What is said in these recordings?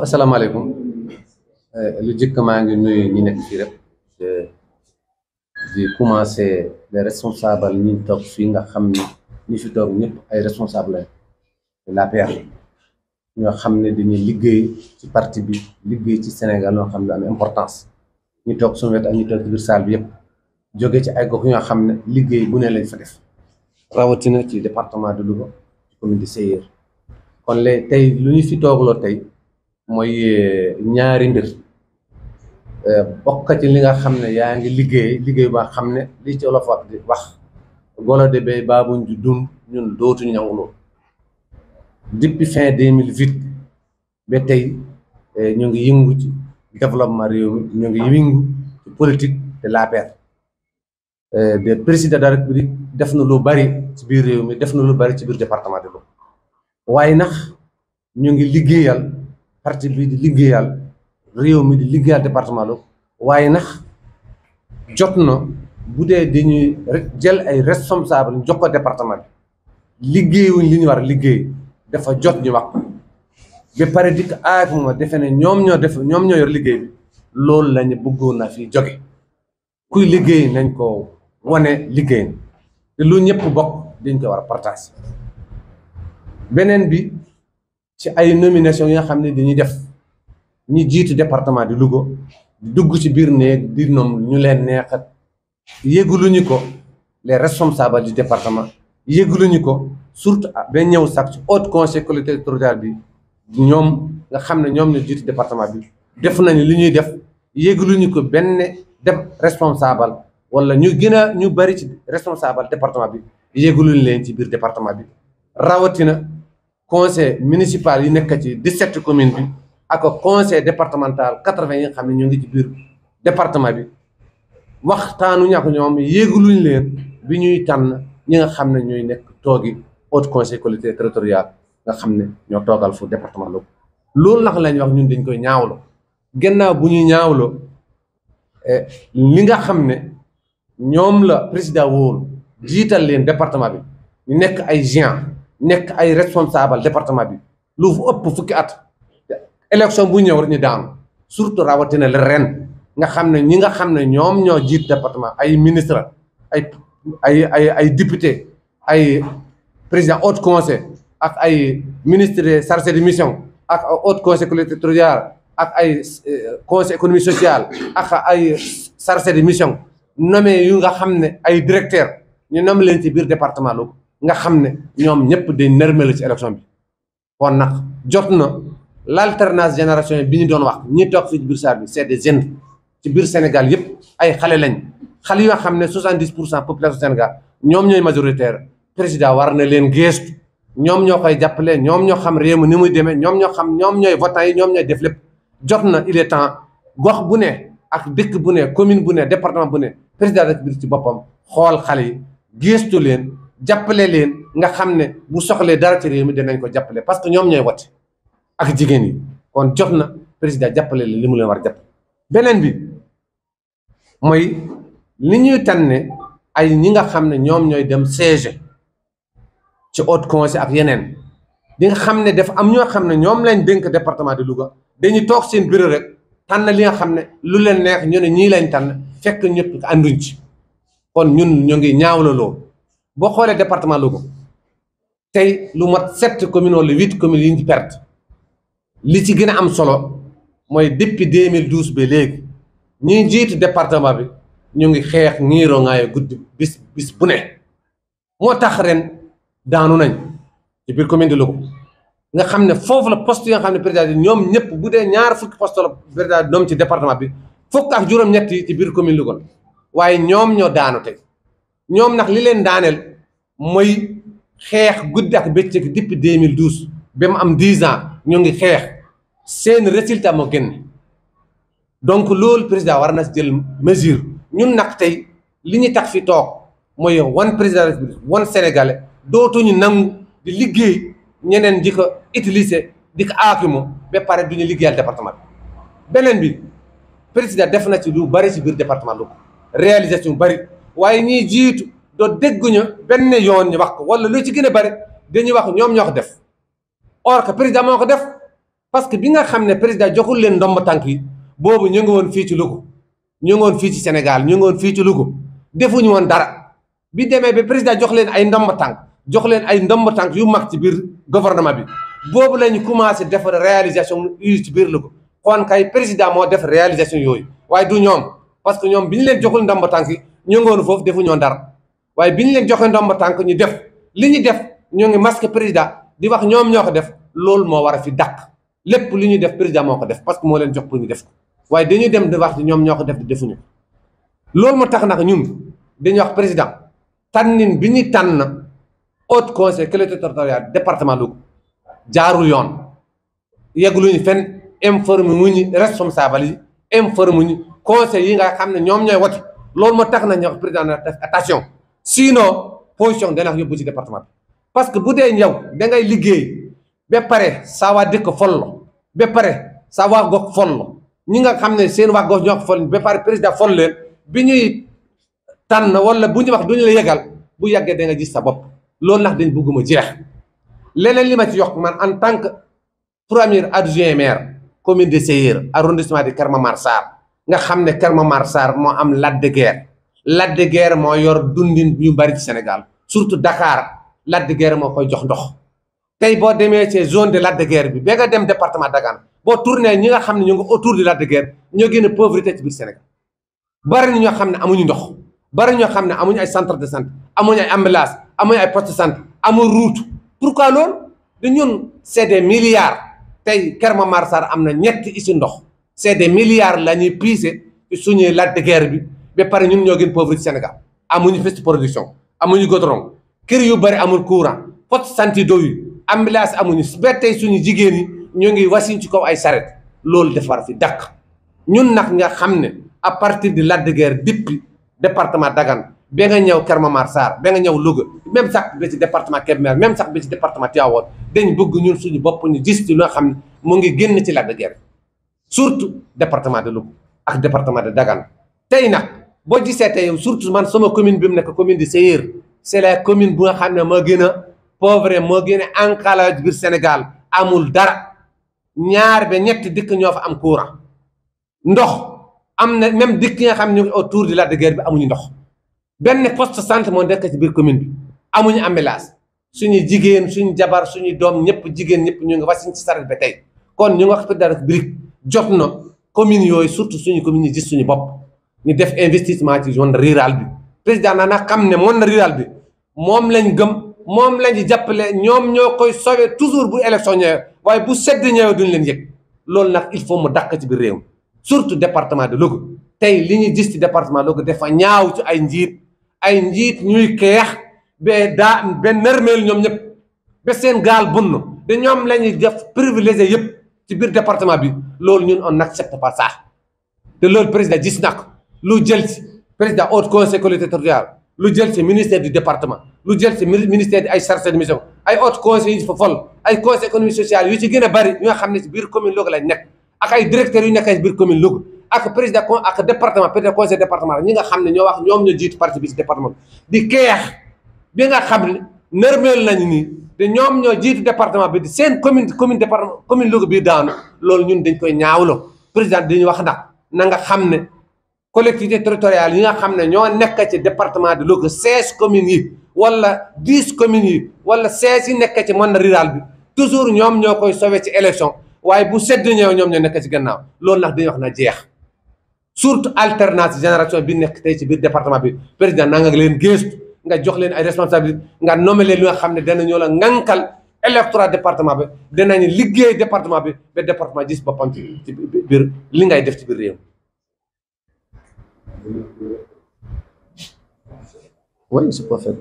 waaw asalaamaaleykum eh, lu jëkk maa ngi nuyu ñi nekk fii rek eh, di commencé les responsables ñi toog fii nga xam ni ñu fi toog ñëpp ay responsable lañ de l'APR ñoo xam ne dañuy liggéey ci parti bi liggéey ci Sénégal ñoo xam ne am importance ñu toog suñu wet ak ñu toog ci biir salle bi yëpp jóge ci ay gox ñoo xam ne liggéey bu ne lañ fa def rawatina ci département de Louga ci commune de Seyeur kon léegi tey lu ñu fi toogloo tey mooy ñaari mbir euh, bokk ci li nga xam ne yaa ngi liggéey liggéey ba xam ne li ci olof wax di wax golo de bay baabuñ ju dum ñun dootu nangu loolu depuis fin deux mille huit ba tey euh, ñu ngi yëngu ci développement réew mi ñu ngi yëngu ci politique de l'APR euh, de président de la def na lu bari ci biir réew mi def na lu bari ci biir département de Louga waaye nax ñu ngi liggéeyal parti bii di liggéeyal réew mi di liggéeyal département la waaye nax jot no bu dee dañuy jël ay responsable jox ko département bi liggéeyuñ li ñu war a liggéey dafa jot ñu wax ba pare dikk aak ah, ma defe ne ñoom ñoo def ñoom ñoo yor liggéey loolu lañu bëggoon na fi jóge kuy liggéey nañ ko wane liggéey te lu ñëpp bokk dañ ko war a partage beneen bi ci ay nomination yi nga xam ne dañuy def ñi jiitu département di Louga dugg ci biir neeg biir noom ñu leen neexat yëguluñu ko les responsables du département yëguluñu ko surtout ba ñëw sax ci haut conseil collectivité territoriale bi ñoom nga xam ne ñoom ñu jiitu département bi def nañu li ñuy def yëguluñu ko benn def responsable wala ñu gën a ñu bari ci responsable département bi yëguluñu leen ci biir département bi rawatina conseil municipal yi nekk ci 17 commune bi ak conseil départemental 80 yi nga xam ne ñoo ngi ci biir département bi taanu ñàkk ñoom yéeguluñ leen bi ñuy tànn ñi nga xam ne ñooy nekk toogi haut conseil collectivité nga xam ne ñoo toogal fu département Louga loolu nag lañ wax ñun dañ koy ñaawlo gannaaw bu ñuy ñaawlo eh, li nga xam ne ñoom la président wóolu jiital leen département bi ñu nekk ay géant nekk ay responsable département bi lu fu ëpp fukki at élection bu ñëw rek ñu daanu surtout rawatina la ren nga xam ne ñi nga xam ne ñoom ñoo jiit département ay ministre ay ay ay ay député ay président haut conseil ak ay ministre chargé de mission ak haut conseil collectivité ak ay euh, conseil économique social ak ay chargé de mission nommé yu nga xam ne ay directeur ñu nommé leen ci biir département loolu nga xam ne ñoom ñëpp day nërmela ci élection bi kon nag jot na l'alternance générationnelle bi ñu doon wax ñi toog fii ci biir saar c'est des jeunes ci biir Sénégal yëpp ay xale lañ xale yoo xam ne soixante-dix pour cent population Sénégal ñoom ñooy majoritaire président war na leen geestu ñoom ñoo koy jàppale ñoom ñoo xam réew mi ni muy demee ñoom ñoo xam ñoom ñooy votants yi ñoom ñooy def lépp jot na il est temps gox bu ne ak dëkk bu ne commune bu ne département bu ne président a la République ci boppam xool xale yi geestu leen jàppale leen nga xam ne bu soxlee dara ci réew mi dinañ ko jàppale parce que ñoom ñooy wate ak jigéen yi kon jot na président jàppale leen li mu leen war a jàppale beneen bi mooy li ñuy tànne ay ñi nga xam ne ñoom ñooy dem siège ci ot conseil ak yeneen di nga xam ne dafa am ñoo xam ne ñoom lañ dénk département de Louga dañu toog seen bureau rek na li nga xam ne lu leen neex ñu ne ñii lañ tànn fekk ñëpp ànduñ ci kon ñun ñu ngi ñaawla loolu boo xoolee département Louga tey lu mat sept communes wala huit communes yi ñu ci perte li ci gën a am solo mooy depuis 2012 ba léegi ñuy jiitu département bi ñu ngi xeex ñiiroo ngaayo guddi bis bis bu ne moo tax ren daanu nañ ci biir commune de Louga nga xam ne foofu la post yi nga xam ne président ñoom ñëpp bu dee ñaar fukki poste la président bi ci département bi fukk ak juróom-ñett yi ci biir commune waaye ñoom ñoo daanu tey ñoom nag mooy xeex guddi ak bëccëg depuis 2012 ba mu am 10 ans ñu ngi xeex seen résultat moo génn donc loolu président war na si jël mesure ñun nag tey li ñu tax fi toog mooy wan président république wan sénégalais dootuñu nangu di liggéey ñeneen di ko utiliser di ko aakimu du pare duñu liggéeyal département bi beneen bi président def na ci lu bari ci biir département lu réalisation bari waaye ñiy jiitu te dégguñu benn yoon ñu wax ko wala lu ci gën a bari dañuy wax ñoom ñoo ko def or que président moo ko def parce que bi nga xam ne président joxul leen ndomb tànk yi boobu ñu woon fii ci Louga ñu fii ci Sénégal ñu fii ci Louga defuñu woon dara bi demee ba président jox leen ay ndomb jox leen ay ndomb yu mag ci biir gouvernement bi boobu la ñu commencé def réalisation yu ci biir Louga kon kay président moo def réalisation yooyu waaye du ñoom parce que ñoom bi ñu leen joxul ndomb tànk yi ñu ngi woon foofu defuñu woon dara. waaye bi ñu leen joxe ndomba tànk ñu def li ñu def ñoo ngi masque président di wax ñoom ñoo ko def loolu moo war a fi dàq lépp li ñuy def président moo ko def parce que moo leen jox pour ñu def ko waaye dañuy dem di wax ñoom ñoo ko def di defuñu loolu moo tax na ñun dañuy wax président tànnin bi ñuy tànn haut conseil collectivité territoriale département Louga jaarul yoon yegluñu fenn informe mu ñu responsable yi informe ñu conseil yi nga xam ne ñoom ñooy wati loolu moo tax na ñu wax président na def attention sinon position dana yóbbu ci département parce que bu dee yow dangay liggéey ba pare saa waa dëkk follo ba pare saa waa gox follo ñi nga xam ne seen waa gox ñoo fol ba pare président fol leen bi ñuy tànn wala bu ñu wax du ñu la yegal bu yàggee da nga gis sa bopp loolu nax dañ bëgguma jeex leneen li ma ci yokk man en tant que premier adjoint maire commune de Seyir arrondissement de Keur Momar nga xam ne Keur Momar moo am ladde guerre Lac de Guiers moo yor dundin ñu bari ci Sénégal surtout Dakar Lac de Guiers moo koy jox ndox tey boo demee ci zone de Lac de Guiers bi ba nga dem département Dagana boo tourné ñi nga xam ne ñu ngi autour de Lac de Guiers ñoo génne pauvreté ci biir Sénégal bari na ñoo xam ne amuñu ndox bari ñoo xam ne amuñu ay centre de santé amuñu ay ambulance amuñu ay poste de santé amuñu route pourquoi lool du ñun c'est des tey Keur Momar am na ñetti usine ndox c'est des la ñuy puiser suñuy Lac de bi ba pare ñun ñoo gën pauvre ci Sénégal amuñu piste production amuñu goudron kër yu bari amul courant santi santé yi ambulance amuñu ba tey suñu jigéen yi ñoo ngi wasiñ ci kaw ay saret loolu defar fi dàq ñun nag nga xam ne à partir de Lac de Guiers depuis département Dagana ba nga ñëw Keur Momar Sarr nga ñëw Louga même sax ba ci département Kébémer même sax ba ci département Tivaouane dañ bëgg ñun suñu bopp ñu gis ci loo xam ne mu ngi génn ci Lac de Guiers surtout département de Louga ak département de Dagana boo gisee tey surtout man sama commune bi mu nekk commune de Seyir c'est la commune bu nga xam ne moo gën a pauvre moo gën a enclavage biir Sénégal amul dara ñaar ba ñett dëkk ñoo fa am courant ndox am na même dëkk yi nga xam ne autour de la guerre bi amuñu ndox benn poste santé moo nekk ci biir commune bi amuñu ambulance suñu jigéen suñu jabar suñu doom ñëpp jigéen ñëpp ñu ngi fa ci saret ba tey kon ñu ngi wax fi dara brique jot na commune yooyu surtout suñu commune yi gis suñu bopp ñu def investissement ci zone rurale bi président na nag xam ne monde rural bi moom lañ gëm moom lañ jàppale ñoom ñoo koy sauver toujours bu élection ñëwee waaye bu sedd ñëwee duñ leen yëg loolu nag il faut mu dàq ci biir réew surtout département de Louga tey li ñu gis ci département de Louga dafa ñaaw ci ay njiit ay njiit ñuy xeex ba daa benn nërmeel ñoom ñëpp ba seen gaal bunn te ñoom la ñuy def privilégié yëpp ci biir département bi loolu ñun on n'accepte pas ça te loolu président gis na lu jël si président haute conseil collectivité territoriale lu jël si ministère du département lu jël si ministère ay chargé de mission ay haute conseil yu fa fol ay conseil économique social yu ci gën a bari ñoo xam ne si biir commune Louga lañ nekk ak ay directeurs yu nekkee si biir commune Louga ak président ak département président conseil départemental ñi nga xam ne ñoo wax ñoom ñoo jiitu parti bi si département di keex bi nga xam ne nërmeel nañu nii te ñoom ñoo jiitu département bi di seen commune commune département commune Louga bii daanu loolu ñun dañ koy ñaawloo président dañuy wax ndax na nga xam ne collectivités territoriales yi nga xam ne ñoo nekk ci département de Louga seize communes yi wala dix communes yi wala seize yi nekk ci monde rural bi toujours ñoom ñoo koy sauvé ci élection waaye bu sedd ñëw ñoom ñoo nekk ci gannaaw loolu nag dañuy wax na jeex surtout alternance génération bi nekk tey ci biir département bi président na nga leen gëstu nga jox leen ay responsabilité nga nommé leen yoo nga xam ne danañoo la ŋànkal électorat département bi danañ liggéey département bi ba département gis boppam ci biir li ngay def ci biir réew Oui, c'est pas fait.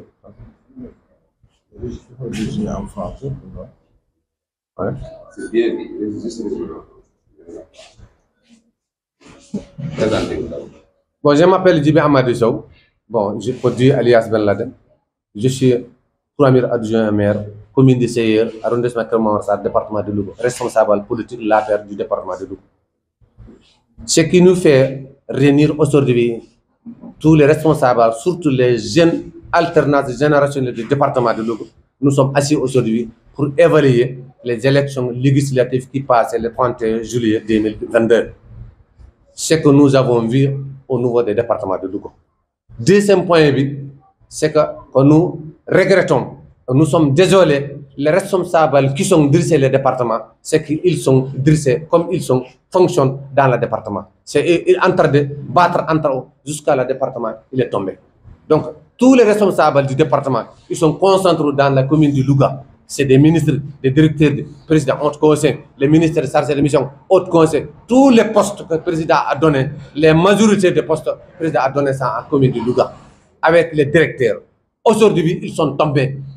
en français. Ouais. C'est Bon, je m'appelle Djibi Hamadou Sow. Bon, je produis alias Ben Laden. Je suis premier adjoint maire, commune de Seyeur, arrondissement Kermansar, département de Louga, responsable politique l'affaire du département de Louga. Ce qui nous fait réunir aujourd'hui tous les responsables, surtout les jeunes alternances générationnelles du département de Louga. Nous sommes assis aujourd'hui pour évaluer les élections législatives qui passent le 31 juillet 2022. Ce que nous avons vu au niveau des départements de Louga. Deuxième point, c'est que, que nous regrettons nous sommes désolés, les responsables qui sont dressés le département, c'est qu'ils sont dressés comme ils sont, fonctionnent dans le département. C'est en train de battre entre eux jusqu'à le département, il est tombé. Donc, tous les responsables du département, ils sont concentrés dans la commune du Louga. C'est des ministres, des directeurs, des président haut conseil, les ministres chargés de mission, haut conseil, tous les postes que président a donnés, les majorités des postes, le président a donné ça Louga, avec les directeurs. Aujourd'hui, ils sont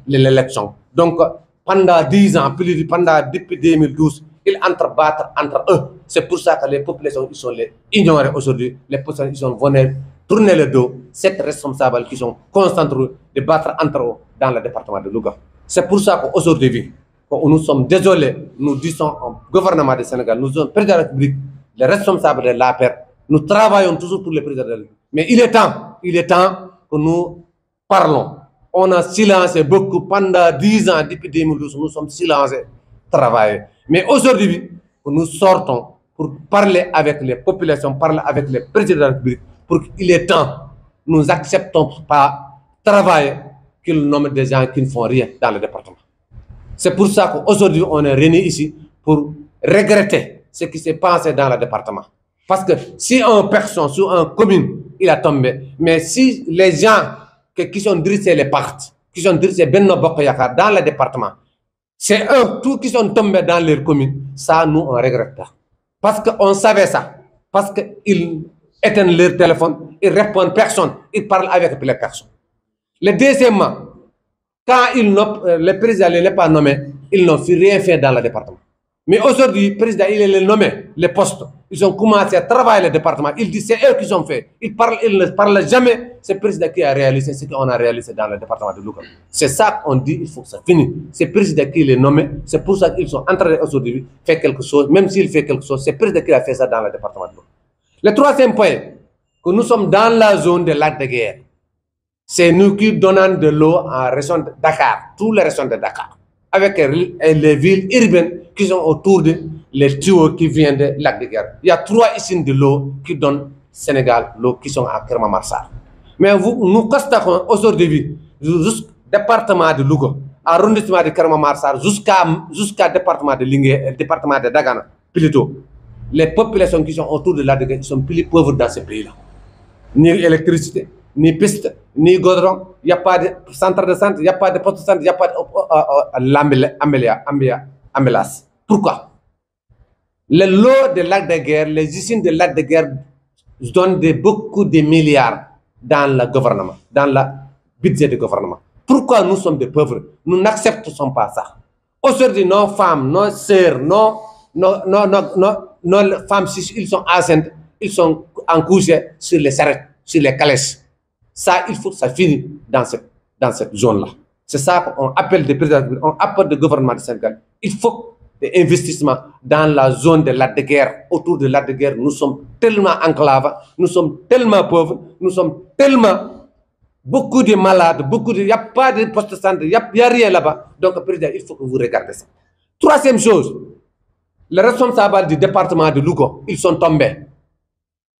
l'élection. Donc, pendant 10 ans, plus pendant depuis 2012, ils entrebattent entre eux. C'est pour ça que les populations ils sont les ignorées aujourd'hui. Les populations ils sont venues tourner le dos. Cette responsables qui sont concentrés de battre entre eux dans le département de Louga. C'est pour ça qu'aujourd'hui, nous sommes désolés, nous disons au gouvernement du Sénégal, nous sommes président de la République, les responsables de la paix. Nous travaillons toujours pour les présidents de la Mais il est temps, il est on a silencé beaucoup pendant dix ans depuis 2012 nous sommes silencés travaillés mais aujourd'hui nous sortons pour parler avec les populations parler avec les présidents de la pour qu'il est temps nous acceptons pas travailler qu'ils nomment des gens qui ne font rien dans le département c'est pour ça qu'aujourd'hui on est réunis ici pour regretter ce qui s'est passé dans le département parce que si un personne sur un commune il a tombé mais si les gens que qui sont dirigés les partis, qui sont dirigés Benno Bokoyakar dans le département, c'est eux tous qui sont tombés dans leurs communes. Ça, nous, on regrette ça. Parce qu'on savait ça. Parce qu'ils éteignent leur téléphone, ils répondent personne, ils parlent avec les personnes. Le deuxièmement, quand ils euh, le président ne l'est pas nommé, ils n'ont rien dans le département. Mais aujourd'hui, le président, il est le nommé, les postes. Ils ont commencé à travailler le département. Il dit, c'est eux qui ont fait. Ils, parlent, ils ne parlent jamais. C'est président qui a réalisé ce qu'on a réalisé dans le département de Louga. C'est ça qu'on dit, il faut que ça finisse. C'est président qui est nommé. C'est pour ça qu'ils sont en aujourd'hui faire quelque chose. Même s'il fait quelque chose, c'est président qui a fait ça dans le département de Louga. la zone de lac de guerre. C'est nous de l'eau à la région de Dakar, toutes les avec les villes urbaines qui sont autour de les tuyaux qui viennent de lac de Guerre. Il y a trois usines de l'eau qui donnent Sénégal l'eau qui sont à Kermamarsar. Mais vous, nous constatons aujourd'hui, jusqu'au département de Louga, arrondissement de Kermamarsar, jusqu'à jusqu'à département de Lingué, euh, département de Dagana, plutôt, les populations qui sont autour de lac de Guerre sont plus pauvres dans ce pays-là. Ni électricité, ni piste ni goudron y' a pas de centre de santé y' a pas de poste de santé y' a pas de oh, oh, oh, l'ambulance ambulance pourquoi le lot de lac de guerre les usines de lac de guerre donnent de beaucoup de milliards dans le gouvernement dans le budget du gouvernement pourquoi nous sommes des pauvres nous n'acceptons pas ça aujourd'hui nos femmes nos sœurs nos nos nos nos nos femmes si ils sont enceintes ils sont en couche sur les charrettes sur les calèches Ça, il faut que ça finisse dans cette, dans cette zone-là. C'est ça qu'on appelle on appelle le gouvernement du Sénégal. Il faut des investissements dans la zone de la guerre. Autour de la guerre, nous sommes tellement enclaves, nous sommes tellement pauvres, nous sommes tellement beaucoup de malades, beaucoup de... Il n'y a de poste de santé, il a, a, rien là-bas. Donc, président, il faut que vous regardez ça. Troisième chose, les responsables du département de Lugo, ils sont tombés.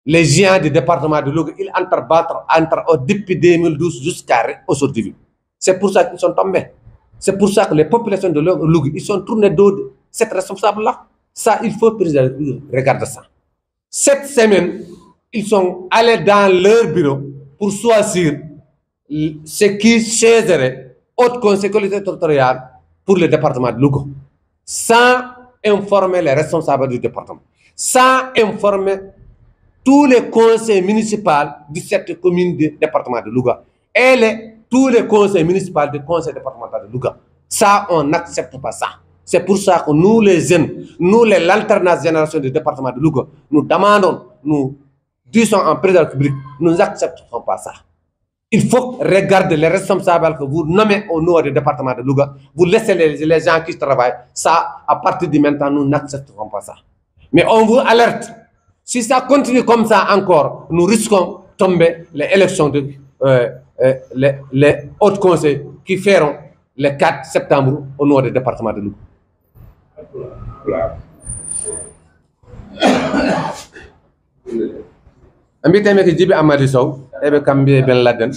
les géants du département de Louga ils entrebattent entre depuis 2012 jusqu'à aujourd'hui c'est pour ça qu'ils sont tombés c'est pour ça que les populations de Louga ils sont tournés dos cette responsable là ça il faut président regarde ça cette semaine ils sont allés dans leur bureau pour choisir ce qui choisirait haute collectivité territoriale pour le département de Louga sans informer les responsables du département sans informer tous les conseils municipaux de cette commune du département de luga et les, tous les conseils municipaux de conseil départemental de Louga. Ça, on n'accepte pas ça. C'est pour ça que nous, les jeunes, nous, les l'alternance génération du département de Louga, nous demandons, nous disons en président public, nous n'accepterons pas ça. Il faut regarder les responsables que vous nommez au nom du département de Louga, vous laissez les, les gens qui travaillent. Ça, à partir de maintenant, nous n'accepterons pas on vous Si ça continue comme ça encore, nous risquons tomber les élections de euh, euh, les, les conseils qui feront le 4 septembre au nord du département de Louga. en mbiyetemi ko jibi amadou sow eɓe kamɓe ben ladden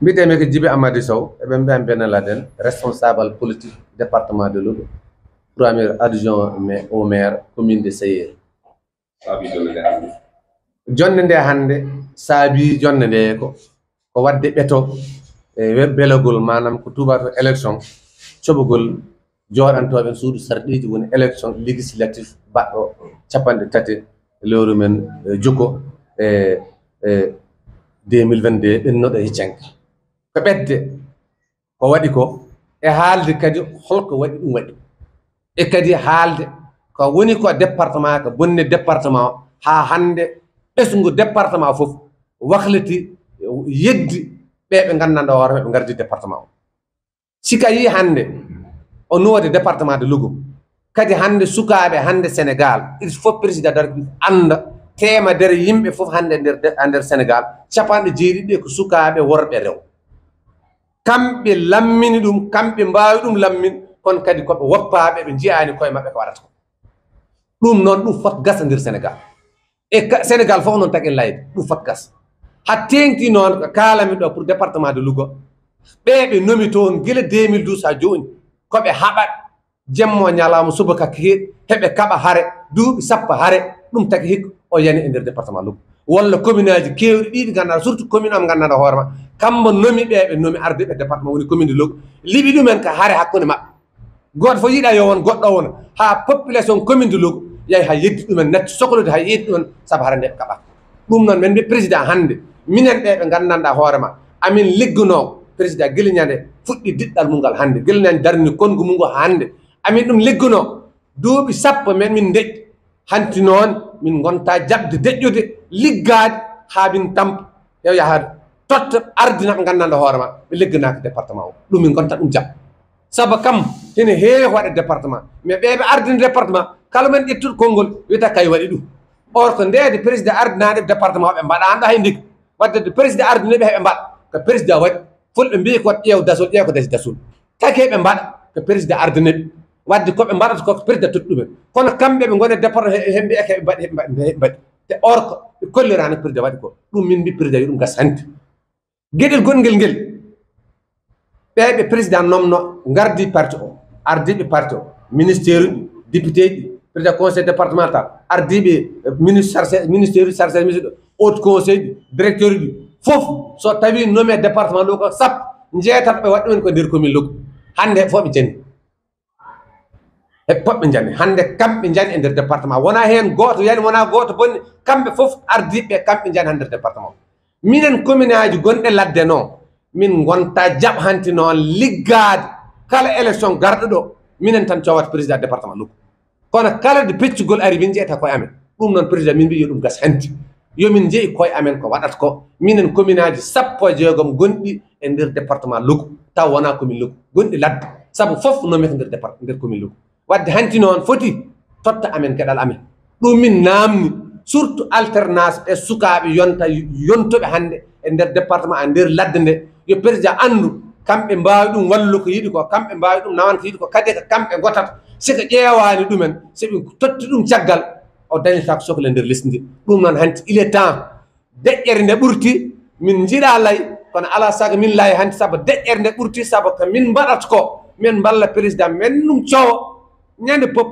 mbiiteemeke Djiby Amady Sow eɓe mbiyami ɓe nelaɗen responsable politique département de Louga premier adjoint mais au maire commune de Seyér jonde nde hannde saabi jonde nde ko wadde ɓeto e manam ko tubato élection coɓogol joɗantoɓe suudu sarɗiji woni élection législatif baɗɗo capanɗe tati e lewru men e jokko e, e 2022 ɓen noɗo e cenka ko ɓedde ko waɗi ko e haalde kadi holko waɗi ɗum waɗi e kadi e haalde ko woni ko département ko bonne haa hannde ɓesngu département fof wahliti yeddi ɓe ɓe nganndanɗo hoore ɓe ngardi département o sika yi hannde o nuwode département de lugo kadi hannde sukaaɓe hannde sénégal il faut président de annda temedere yimɓe fof hannde nder e capanɗe jeeɗiɗi ɗe ko sukaaɓe e worɓe rew kamɓe lammini ɗum kamɓe mbaawi ɗum lammin kono kadi koɓe woppaaɓe ɓe njiyaani koye maɓɓe ko waɗata ko ɗum noon ɗum fot gasa e nder sénégal e sénégal fof noon tagi layde ɗum fot gasa ha tengti noon ko kaalami ɗo pour département de lougo ɓe ɓe nomi toon gila 2012 ha jooni koɓe haɓat jemmo ñalaama subaka keeɗi heɓe kaɓa hare duuɓi sappo hare ɗum tagi hikka o yani e nder département luggo walla commune aji kewɗi ɗiɗi ganduɗa surtout commune am gandanɗa hoore ma kamma nomi ɓe ɓe nomi arde ɓe département woni commune de loggo liɓi ɗumen ka haare hakkude maɓɓe goto fof yiiɗa yo won goɗɗo wona ha population commune de loggo yeyi yeddi ɗumen natti sohlude ha yeedi ɗumen saabu hara nde ɓe kaɓat ɗum noon min mbi président hannde minen ɗe ɓe gandanɗa hoore ma amin ligganoo président gueliñande fuɗɗi diɗɗal hanti noon min gonta jagde deƴƴude liggaade haa min tampa yew yahaade totta ardina ko nganndanɗo hoore ma mi ligganaka département o ɗum min gonta ɗum jam saabu kam hene heewi waɗe département mais ɓeɓe ardina département kala men ƴettuɗo konngol wiyata kay waɗi ɗum or ko ndede président ardinaɗe département de président ardinoɓe mbaɗa ko président waɗi fulɓe mbi ko ƴeew dasol ƴeew ko ɓe mbaɗa ko président ardinoɓe wadde koɓe mbaɗata koko pirda totɗumen kono kamɓe ɓe gone déporté hen mbiya keɓe ko ɓe kollirano pirde waɗi ko ɗum min mbi pirde yo ɗum gas hanti gueɗel ngel ɓeɓe président nomno gardi parti o ardiɓe parti o ministére uji député ji président conseil départemental ardiɓe e, ministére uji chargé musique haute conseil ji directeur uji fof so tawi nommé département ɗo ko sappo ɓe waɗi ɗumen ko nder commune loggu hande fof ɓe jandi e poɓɓe jani hannde kamɓe jani e ndeer département wona heen gooto yani wona gooto bonni kamɓe fof ardiɓe e kamɓe jani ha ndeer département minen commune aji gonɗe ladde noo min gonta jaɓ hanti noon liggaade kala élection garɗo minen tan cowata président département nokku kono kala de peccugol ari min jeyata koye amen ɗum noon président min mbi yo ɗum gas hanti yomin jeyi koye amen ko waɗata ko minen commune sappo e jeegom gonɗi e nder département wadde hanti noon foti totta amen geɗal amen ɗum min namni surtout alternance e sukaɓe yonta yontoɓe hannde e nder département e nder ladde nde yo président anndu kamɓe mbawi ɗum wallu ko yiiɗi ko kamɓe mbawi ɗum nawan ko ko kadi e kamɓe gotata siko ƴeewani ɗumen soɓe totti ɗum caggal o dañata ko sohla nder lesdi ndi ɗum noon hanti il deƴƴere nde ɓurti min jiiɗa lay kono ala min laayi hanti saabu deƴƴere nde ɓurti saabu ko min mbaɗata ñande pop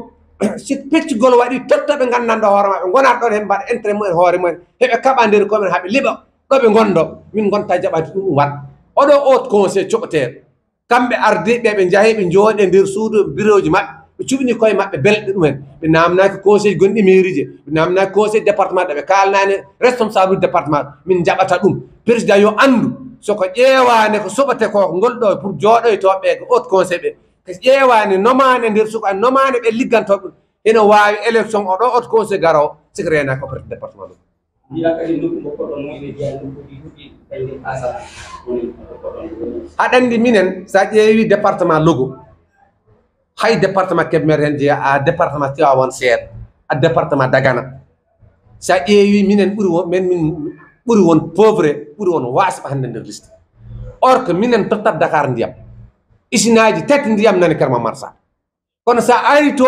si peccugol waɗi totta ɓe nganndanɗo hoore maɓɓe ngonat ɗon heen mbaɗa intérêt mumen hoore mumen heɓe kaɓa nder komin haaɓe liɓa ɗo ɓe ngonɗo min ngonta jaɓade ɗum waɗ oɗo haut conseil coɓeteeɗo kamɓe ardiɓe ɓe njahi ɓe jooɗe nder suudu bureau maɓɓe ɓe cuɓini koye gonɗi mairie ɓe namnaki conseil département ɗo ɓe kalnani responsable département min jaɓata ɗum président yo andu soko ƴeewande ko soɓate ko ngol ɗo pour jooɗoytoɓe ko e haute conseil ƴeewani nomaande nder suka nomaande ɓe ligganto ɗum ene waawi élection oɗo haute conseil garo siko reenaki opérate département ɗum aɗanndi minen logo hay département keɓmer heen jeeya a département tiwawon seeɗa a département dagana so a minen ɓuri won min ɓuri won pauvre ɓuri won nder liste or que minen tottat dakar ndiyam isinaji tati ndiyam nani karma marsa kono sa ari to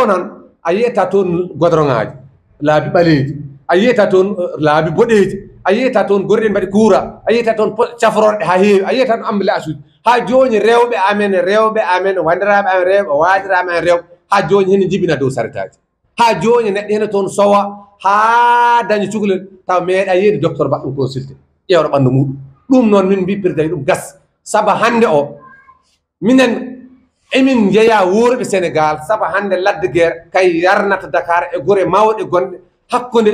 toon godroŋaji laabi ɓaleji a yiyata toon eh, laabi boɗeji a yiyata toon gorɗen mbaɗi kuura a yiyata toon cafrorɗe ha heewi a yiyata toon ambulance uji ha joni rewɓe amen rewɓe amen wandiraɓe amen rewɓe waajiraɓe amen rewɓe ha joni hene jibina dow saretaji ha joni neɗɗo hene toon sowa ha daña cukalel taw meeɗa yeede docteur mbaɗɗum consulté ƴewɗo ɓandu muɗum ɗum noon min minen emin jeeya worɓe sénégal saabu hannde ladde guerre kay yarnata dakar e gure mawɗe gonɗe hakkude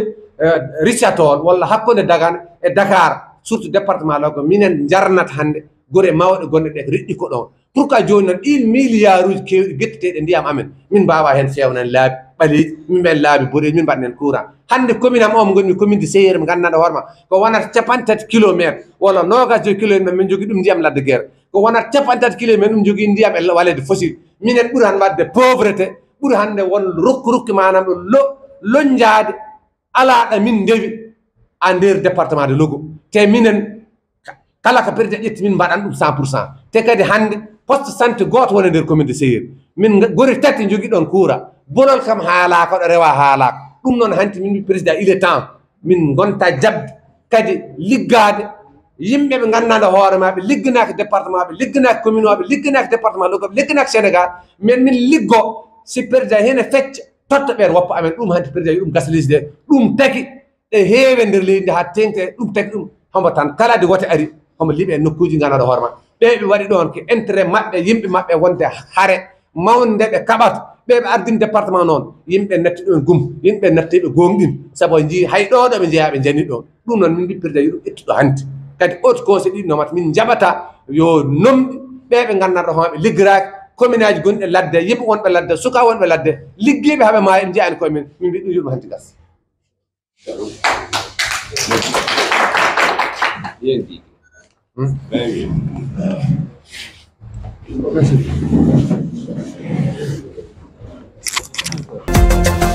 richatol walla hakkude dagana e dakar surtout département lawgo minen jarnata hannde gure mawɗe gonɗe ɗe riɗɗi ko ɗon pourquoi joni noon ɗin milliard uji kewɗi ndiyam amen min mbawa hen fewnan laabi ɓaleji min mbaen laabi boɗeji min mbaɗnen courant hande commune am om gonmi commune de seyére mi gandanɗo hoorema ko wonata capantati wala walla nogas joyi kilométre min ko wonat capantat kilo men ɗum jogii ndiyam e waleede fosil minen ɓuri han wadde ɓuri hannde won rokku rokki manam ɗo lonjaade alaaɗa min ndewi a nder département de logo te minen kala ko président ƴetti min mbaɗan ɗum cent pour cent te kadi hannde poste santé gooto woni nder commune de seyir min gori tati jogii kuura bolol kam haalaaka ɗo rewa haalaaka ɗum noon hanti min mbi président min gonta jabde kadi liggaade yimɓe ɓe nganndaano hoore maaɓe ligganaaki département ɓe ligganaaki commune oɓe ligganaaki département lokoɓe ligganaaki sénégal min min liggo si président hene fecca totta woppa amen ɗum hanti président yi ɗum gasaliji de ɗum tagi e ndeer leydi ndi haa teŋte ɗum tagi ɗum homo tan kala de wote ari homo liɓe e nokkuuji nganndaano hoore maɓɓe ɓe ɓe waɗi ɗon ko intérêt maɓɓe yimɓe maɓɓe wonde hare mawnde ɓe kaɓata ɓe ɓe ardini département noon yimɓe natti ɗum noon min mbippirde yo ɗum ittuɗo kadi haute conseil ɗiɗ nomat min jaɓata yo nomɓe ɓe ɓe nganndanɗo homaɓe liggiraki commune aji gonɗe ladde yimɓe wonɓe ladde suka wonɓe ladde liggeɓe haɓe ma en jeyani min